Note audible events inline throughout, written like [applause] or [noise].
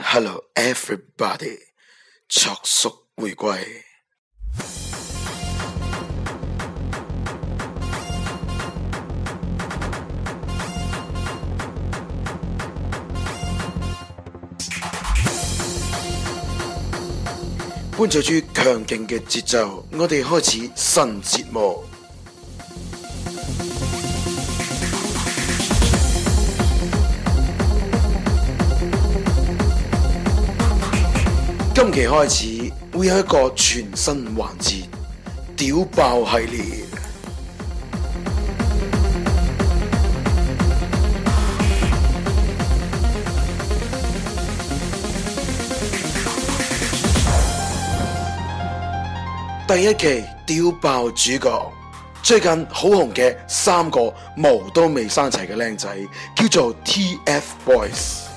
Hello, everybody！卓叔回歸，伴隨住強勁嘅節奏，我哋開始新節目。今期開始會有一個全新環節，屌爆系列。第一期屌爆主角，最近好紅嘅三個毛都未生齊嘅靚仔，叫做 TF Boys。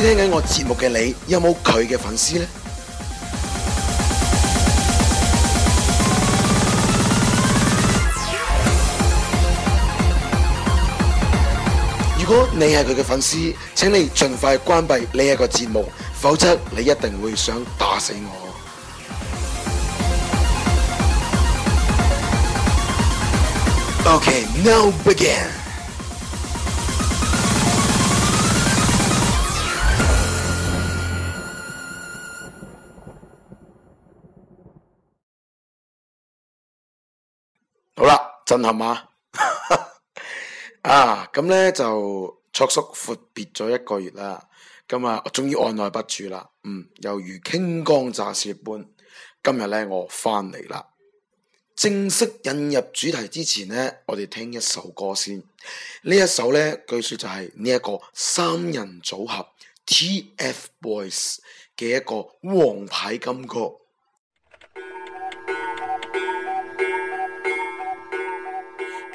聽緊我節目嘅你，有冇佢嘅粉絲呢？ [music] 如果你係佢嘅粉絲，請你盡快關閉呢一個節目，否則你一定會想打死我。Okay, now begin. 好啦，震撼嘛， [laughs] 啊，咁呢就卓叔闊別咗一個月啦，咁啊，我終於按捺不住啦，嗯，猶如傾江乍泄般，今日呢，我翻嚟啦，正式引入主題之前呢，我哋聽一首歌先，呢一首呢，據說就係呢一個三人組合 TF Boys 嘅一個王牌金曲。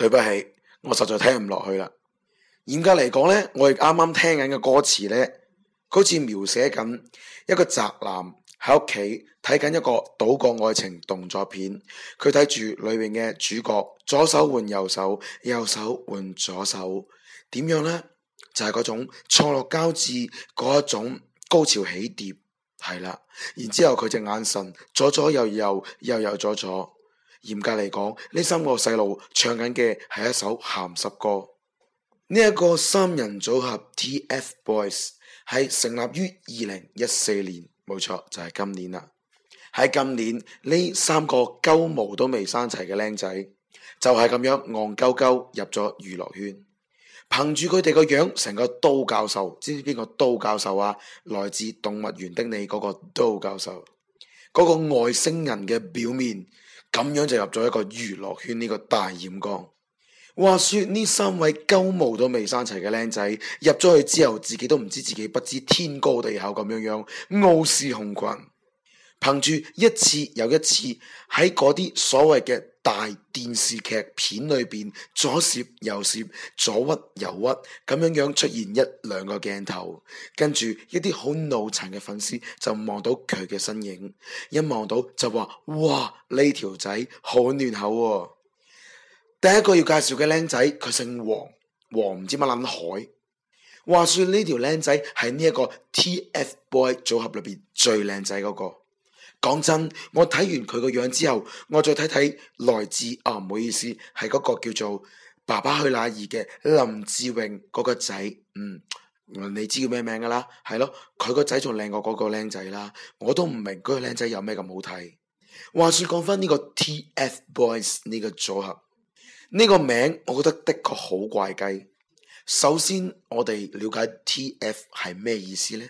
對不起，我實在聽唔落去啦。嚴格嚟講咧，我哋啱啱聽緊嘅歌詞咧，好似描寫緊一個宅男喺屋企睇緊一個島國愛情動作片，佢睇住裏面嘅主角左手換右手，右手換左手，點樣咧？就係、是、嗰種錯落交織嗰一種高潮起跌，係啦。然之後佢隻眼神左左右右，右右左左。嚴格嚟講，呢三個細路唱緊嘅係一首鹹濕歌。呢一個三人組合 T.F. Boys 係成立於二零一四年，冇錯就係今年啦。喺今年呢三個鳩毛都未生齊嘅靚仔，就係咁樣戇鳩鳩入咗娛樂圈，憑住佢哋個樣，成個刀教授，知唔知邊個刀教授啊？來自動物園的你嗰個刀教授，嗰個外星人嘅表面。咁樣就入咗一個娛樂圈呢個大染缸。話說呢三位鳩毛都未生齊嘅靚仔，入咗去之後，自己都唔知自己不知天高地厚咁樣樣傲視雄群，憑住一次又一次喺嗰啲所謂嘅。大電視劇片裏邊左攝右攝，左屈右屈，咁樣樣出現一兩個鏡頭，跟住一啲好腦殘嘅粉絲就望到佢嘅身影，一望到就話哇，呢條仔好嫩口喎、哦。第一個要介紹嘅靚仔，佢姓黃，黃唔知乜捻海，話說呢條靚仔係呢一個 T F Boy 組合裏邊最靚仔嗰個。講真，我睇完佢個樣之後，我再睇睇來自，哦唔好意思，係嗰個叫做爸爸去哪兒嘅林志穎嗰個仔，嗯，你知叫咩名噶啦？係咯，佢個仔仲靚過嗰個僆仔啦。我都唔明嗰個僆仔有咩咁好睇。話說講翻，呢個 T F Boys 呢個組合，呢個名我覺得的確好怪雞。首先，我哋了解 T F 係咩意思呢？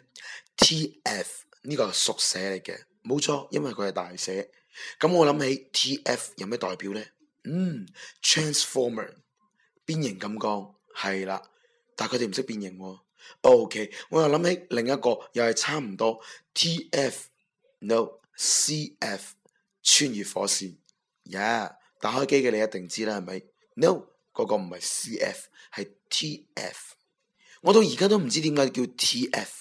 T F 呢個係縮寫嚟嘅。冇錯，因為佢係大寫。咁我諗起 T F 有咩代表呢？嗯，Transformer，變形金剛，係啦。但佢哋唔識變形喎、哦。OK，我又諗起另一個又係差唔多。T F，No C F，穿越火線。h、yeah，打開機嘅你一定知啦，係咪？No，嗰個唔係 C F，係 T F。我到而家都唔知點解叫 T F。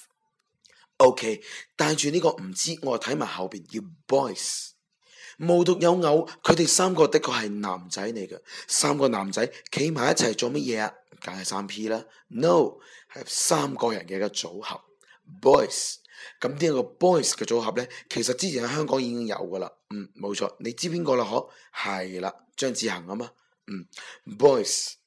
O K，帶住呢個唔知，我睇埋後邊叫 Boys，無獨有偶，佢哋三個的確係男仔嚟嘅，三個男仔企埋一齊做乜嘢啊？梗係三 P 啦，No 係三個人嘅一個組合，Boys。咁呢一個 Boys 嘅組合咧？其實之前喺香港已經有噶啦，嗯，冇錯，你知邊個啦？嗬，係啦，張智恒啊嘛，嗯，Boys。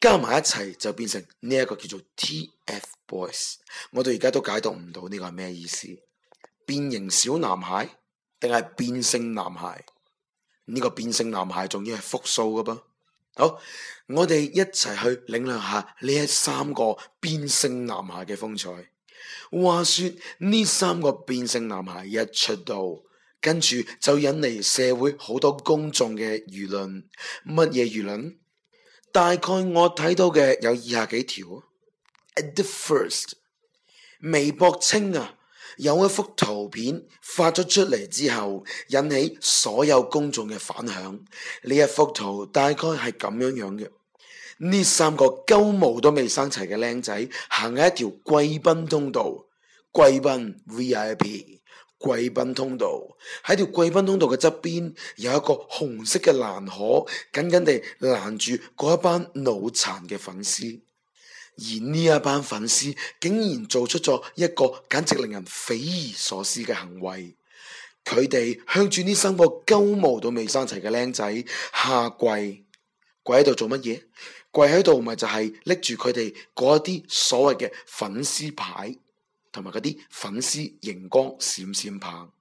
加埋一齊就變成呢一個叫做 TF Boys，我到而家都解讀唔到呢個係咩意思？變形小男孩定係變性男孩？呢個變性男孩仲要係複數噶噃？好，我哋一齊去領略下呢三個變性男孩嘅風采。話說呢三個變性男孩一出道，跟住就引嚟社會好多公眾嘅輿論，乜嘢輿論？大概我睇到嘅有以下幾條啊。At first，微博稱啊，有一幅圖片發咗出嚟之後，引起所有公眾嘅反響。呢一幅圖大概係咁樣樣嘅，呢三個鳩毛都未生齊嘅靚仔行喺一條貴賓通道，貴賓 VIP。貴賓通道喺條貴賓通道嘅側邊有一個紅色嘅欄河緊緊地攔住嗰一班腦殘嘅粉絲，而呢一班粉絲竟然做出咗一個簡直令人匪夷所思嘅行為，佢哋向住啲生過鳩毛都未生齊嘅僆仔下跪，跪喺度做乜嘢？跪喺度咪就係拎住佢哋嗰啲所謂嘅粉絲牌。同埋嗰啲粉絲熒光閃閃棒，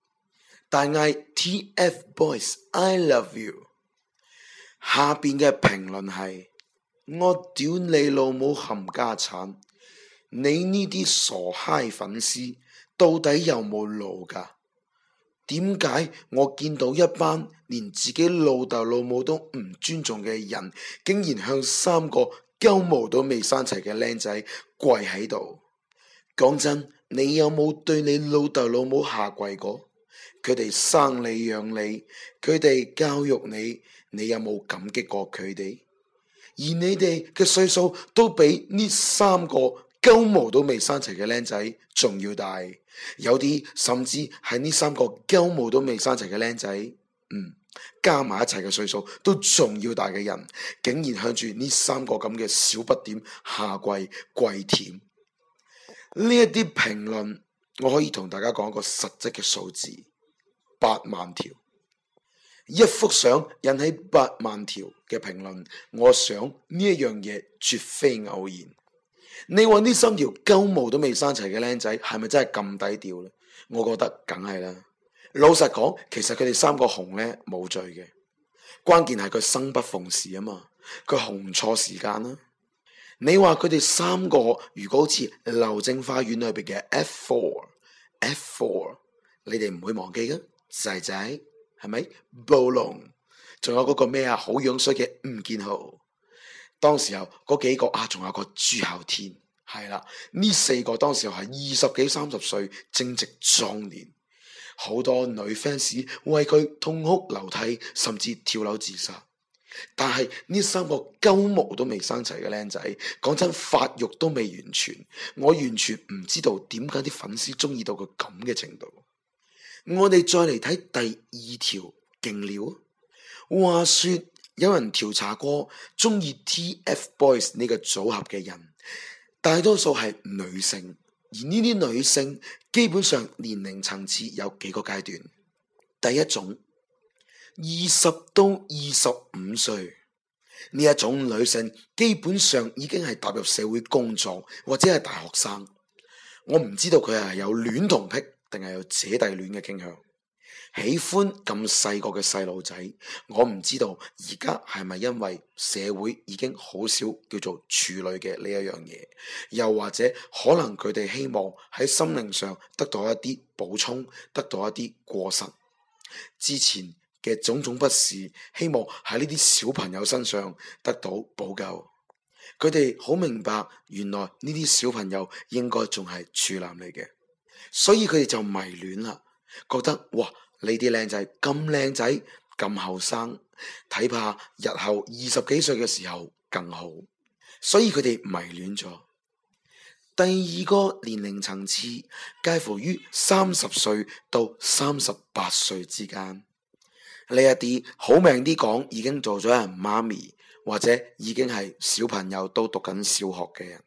大嗌 TF Boys I love you。下邊嘅評論係：我屌你老母冚家產！你呢啲傻閪粉絲到底有冇腦㗎？點解我見到一班連自己老豆老母都唔尊重嘅人，竟然向三個鳩毛都未生齊嘅靚仔跪喺度？講真，你有冇對你老豆老母下跪過？佢哋生你養你，佢哋教育你，你有冇感激過佢哋？而你哋嘅歲數都比呢三個鳩毛都未生齊嘅僆仔仲要大，有啲甚至係呢三個鳩毛都未生齊嘅僆仔，嗯，加埋一齊嘅歲數都仲要大嘅人，竟然向住呢三個咁嘅小不點下跪跪舔。呢一啲評論，我可以同大家講一個實質嘅數字，八萬條。一幅相引起八萬條嘅評論，我想呢一樣嘢絕非偶然。你話呢三條鳩毛都未生齊嘅靚仔，係咪真係咁低調呢？我覺得梗係啦。老實講，其實佢哋三個紅呢冇罪嘅，關鍵係佢生不逢時啊嘛，佢紅錯時間啦。你話佢哋三個如果好似《流星花園》裏邊嘅 F4、F4，你哋唔會忘記嘅仔仔，係咪？暴龍，仲有嗰個咩啊？好樣衰嘅吳建豪，當時候嗰幾個啊，仲有個朱孝天，係啦，呢四個當時候係二十幾三十歲正值壯年，好多女 fans 為佢痛哭流涕，甚至跳樓自殺。但係呢三個鳩毛都未生齊嘅靚仔，講真發育都未完全，我完全唔知道點解啲粉絲中意到佢咁嘅程度。我哋再嚟睇第二條勁料，話說有人調查過，中意 TF Boys 呢個組合嘅人，大多數係女性，而呢啲女性基本上年齡層次有幾個階段，第一種。二十到二十五歲呢一種女性，基本上已經係踏入社會工作或者係大學生。我唔知道佢係有戀童癖，定係有姐弟戀嘅傾向，喜歡咁細個嘅細路仔。我唔知道而家係咪因為社會已經好少叫做處女嘅呢一樣嘢，又或者可能佢哋希望喺心靈上得到一啲補充，得到一啲過失。之前。嘅種種不是，希望喺呢啲小朋友身上得到補救。佢哋好明白，原來呢啲小朋友應該仲係處男嚟嘅，所以佢哋就迷戀啦。覺得哇，你啲靚仔咁靚仔，咁後生，睇怕日後二十幾歲嘅時候更好。所以佢哋迷戀咗。第二個年齡層次介乎於三十歲到三十八歲之間。呢一啲好命啲講，已經做咗人媽咪，或者已經係小朋友都讀緊小學嘅人，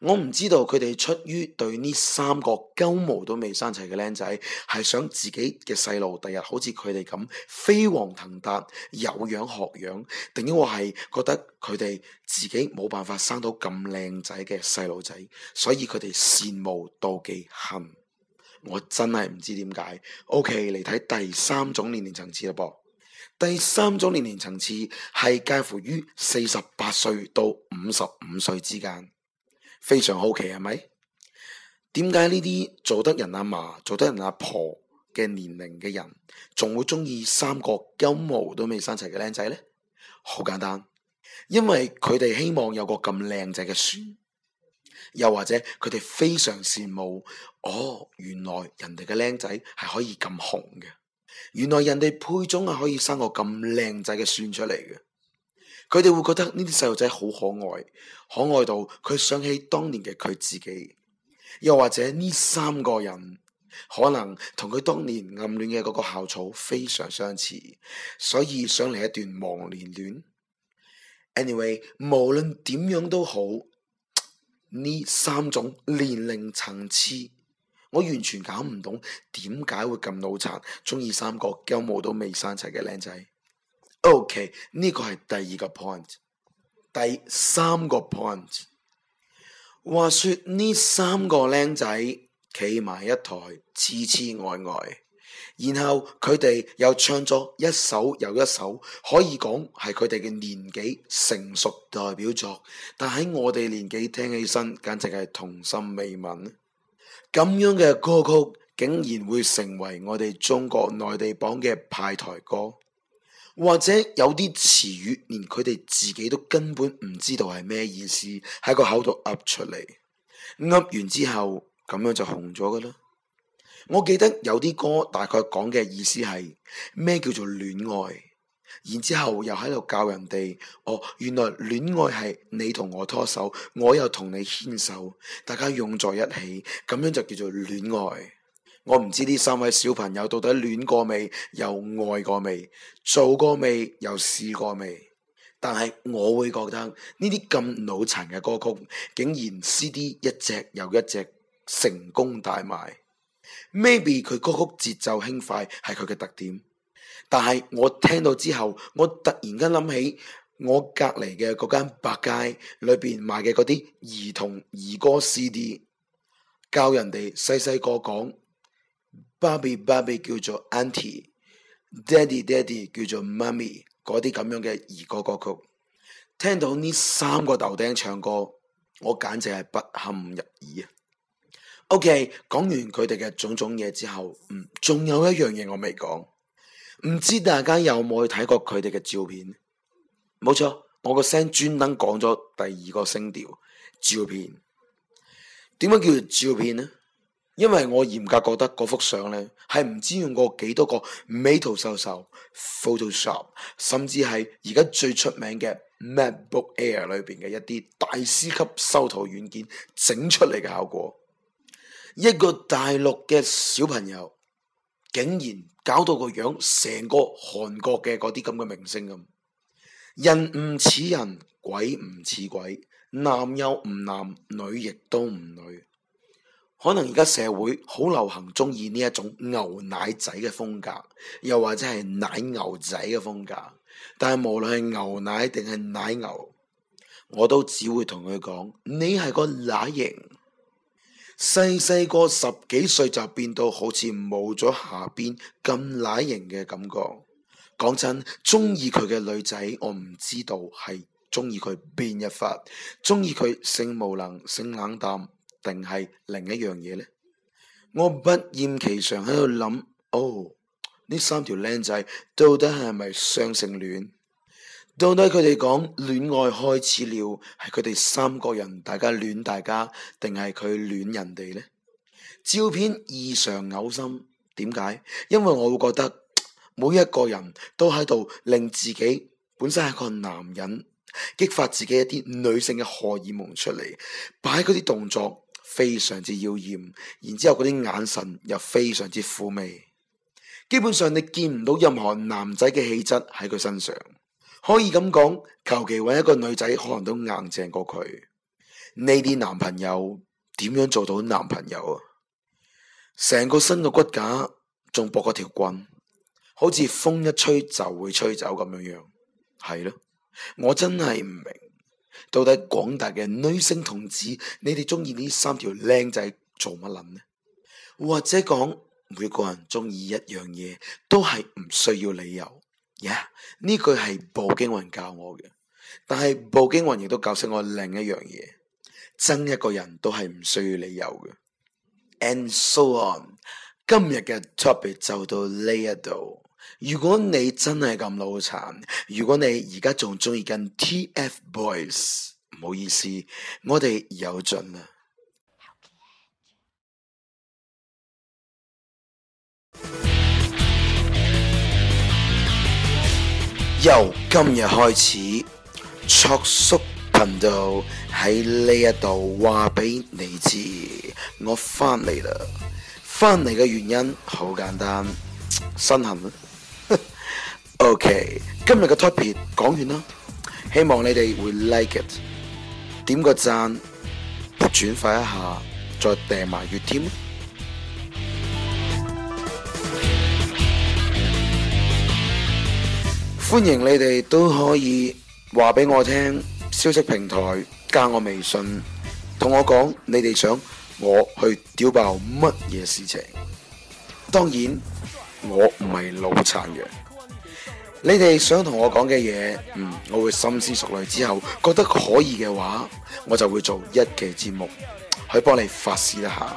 我唔知道佢哋出於對呢三個鳩毛都未生齊嘅靚仔，係想自己嘅細路第日好似佢哋咁飛黃騰達有樣學樣，定抑或係覺得佢哋自己冇辦法生到咁靚仔嘅細路仔，所以佢哋羨慕、妒忌、恨。我真係唔知點解。OK，嚟睇第三種年齡層次啦，噃第三種年齡層次係介乎於四十八歲到五十五歲之間，非常好奇係咪？點解呢啲做得人阿嫲、做得人阿婆嘅年齡嘅人，仲會中意三個陰毛都未生齊嘅靚仔呢？好簡單，因為佢哋希望有個咁靚仔嘅孫。又或者佢哋非常羨慕，哦，原來人哋嘅靚仔係可以咁紅嘅，原來人哋配種係可以生個咁靚仔嘅孫出嚟嘅。佢哋會覺得呢啲細路仔好可愛，可愛到佢想起當年嘅佢自己。又或者呢三個人可能同佢當年暗戀嘅嗰個校草非常相似，所以想嚟一段忘年戀。Anyway，無論點樣都好。呢三種年齡層次，我完全搞唔懂點解會咁腦殘，中意三個鳩毛都未生齊嘅靚仔。OK，呢個係第二個 point，第三個 point。話說呢三個靚仔企埋一台，痴痴呆呆。然後佢哋又唱咗一首又一首，可以講係佢哋嘅年紀成熟代表作，但喺我哋年紀聽起身，簡直係童心未泯。咁樣嘅歌曲竟然會成為我哋中國內地榜嘅派台歌，或者有啲詞語連佢哋自己都根本唔知道係咩意思，喺個口度噏出嚟，噏完之後咁樣就紅咗㗎喇。我記得有啲歌大概講嘅意思係咩叫做戀愛，然之後又喺度教人哋哦，原來戀愛係你同我拖手，我又同你牽手，大家用在一起，咁樣就叫做戀愛。我唔知呢三位小朋友到底戀過未，又愛過未，做過未，又試過未？但係我會覺得呢啲咁腦殘嘅歌曲，竟然 C D 一隻又一隻成功大賣。maybe 佢歌曲節奏輕快係佢嘅特點，但係我聽到之後，我突然間諗起我隔籬嘅嗰間百佳裏邊賣嘅嗰啲兒童兒歌 CD，教人哋細細個講，爸比爸比叫做 Auntie，daddy daddy 叫做 Mummy，嗰啲咁樣嘅兒歌歌曲，聽到呢三個豆丁唱歌，我簡直係不堪入耳啊！O.K. 講完佢哋嘅種種嘢之後，嗯，仲有一樣嘢我未講，唔知大家有冇去睇過佢哋嘅照片？冇錯，我個聲專登講咗第二個聲調，照片點解叫做照片呢？因為我嚴格覺得嗰幅相呢，係唔知用過幾多個美圖秀秀 Photoshop、甚至係而家最出名嘅 MacBook Air 裏邊嘅一啲大師級修圖軟件整出嚟嘅效果。一個大陸嘅小朋友，竟然搞到個樣成個韓國嘅嗰啲咁嘅明星咁，人唔似人，鬼唔似鬼，男又唔男，女亦都唔女。可能而家社會好流行中意呢一種牛奶仔嘅風格，又或者係奶牛仔嘅風格。但係無論係牛奶定係奶牛，我都只會同佢講：你係個乸型。細細個十幾歲就變到好似冇咗下邊咁乸型嘅感覺。講真，中意佢嘅女仔，我唔知道係中意佢邊一法，中意佢性無能、性冷淡，定係另一樣嘢呢？我不厭其常喺度諗，哦，呢三條靚仔到底係咪雙性戀？到底佢哋講戀愛開始了，係佢哋三個人大家戀大家，定係佢戀人哋呢？照片異常嘔心，點解？因為我會覺得每一個人都喺度令自己本身係個男人，激發自己一啲女性嘅荷爾蒙出嚟，擺嗰啲動作非常之妖艷，然之後嗰啲眼神又非常之嫵媚。基本上你見唔到任何男仔嘅氣質喺佢身上。可以咁講，求其搵一個女仔，可能都硬正過佢。呢啲男朋友點樣做到男朋友啊？成個身個骨架仲薄過條棍，好似風一吹就會吹走咁樣樣，係咯？我真係唔明，到底廣大嘅女性同志，你哋中意呢三條靚仔做乜撚呢？或者講，每個人中意一樣嘢，都係唔需要理由。呀！呢、yeah，句係步驚雲教我嘅，但係步驚雲亦都教識我另一樣嘢，憎一個人都係唔需要理由嘅。And so on。今日嘅 topic 就到呢一度。如果你真係咁腦殘，如果你而家仲鍾意緊 TF Boys，唔好意思，我哋友盡啦。Okay. 由今日開始，卓叔頻道喺呢一度話俾你知，我返嚟啦！返嚟嘅原因好簡單，身痕 [laughs] OK，今日嘅 topic 講完啦，希望你哋會 like it，點個讚，轉發一下，再訂埋月添。歡迎你哋都可以話俾我聽，消息平台加我微信，同我講你哋想我去屌爆乜嘢事情。當然我唔係腦殘嘅，你哋想同我講嘅嘢，嗯，我會深思熟慮之後覺得可以嘅話，我就會做一期節目去幫你發泄一下。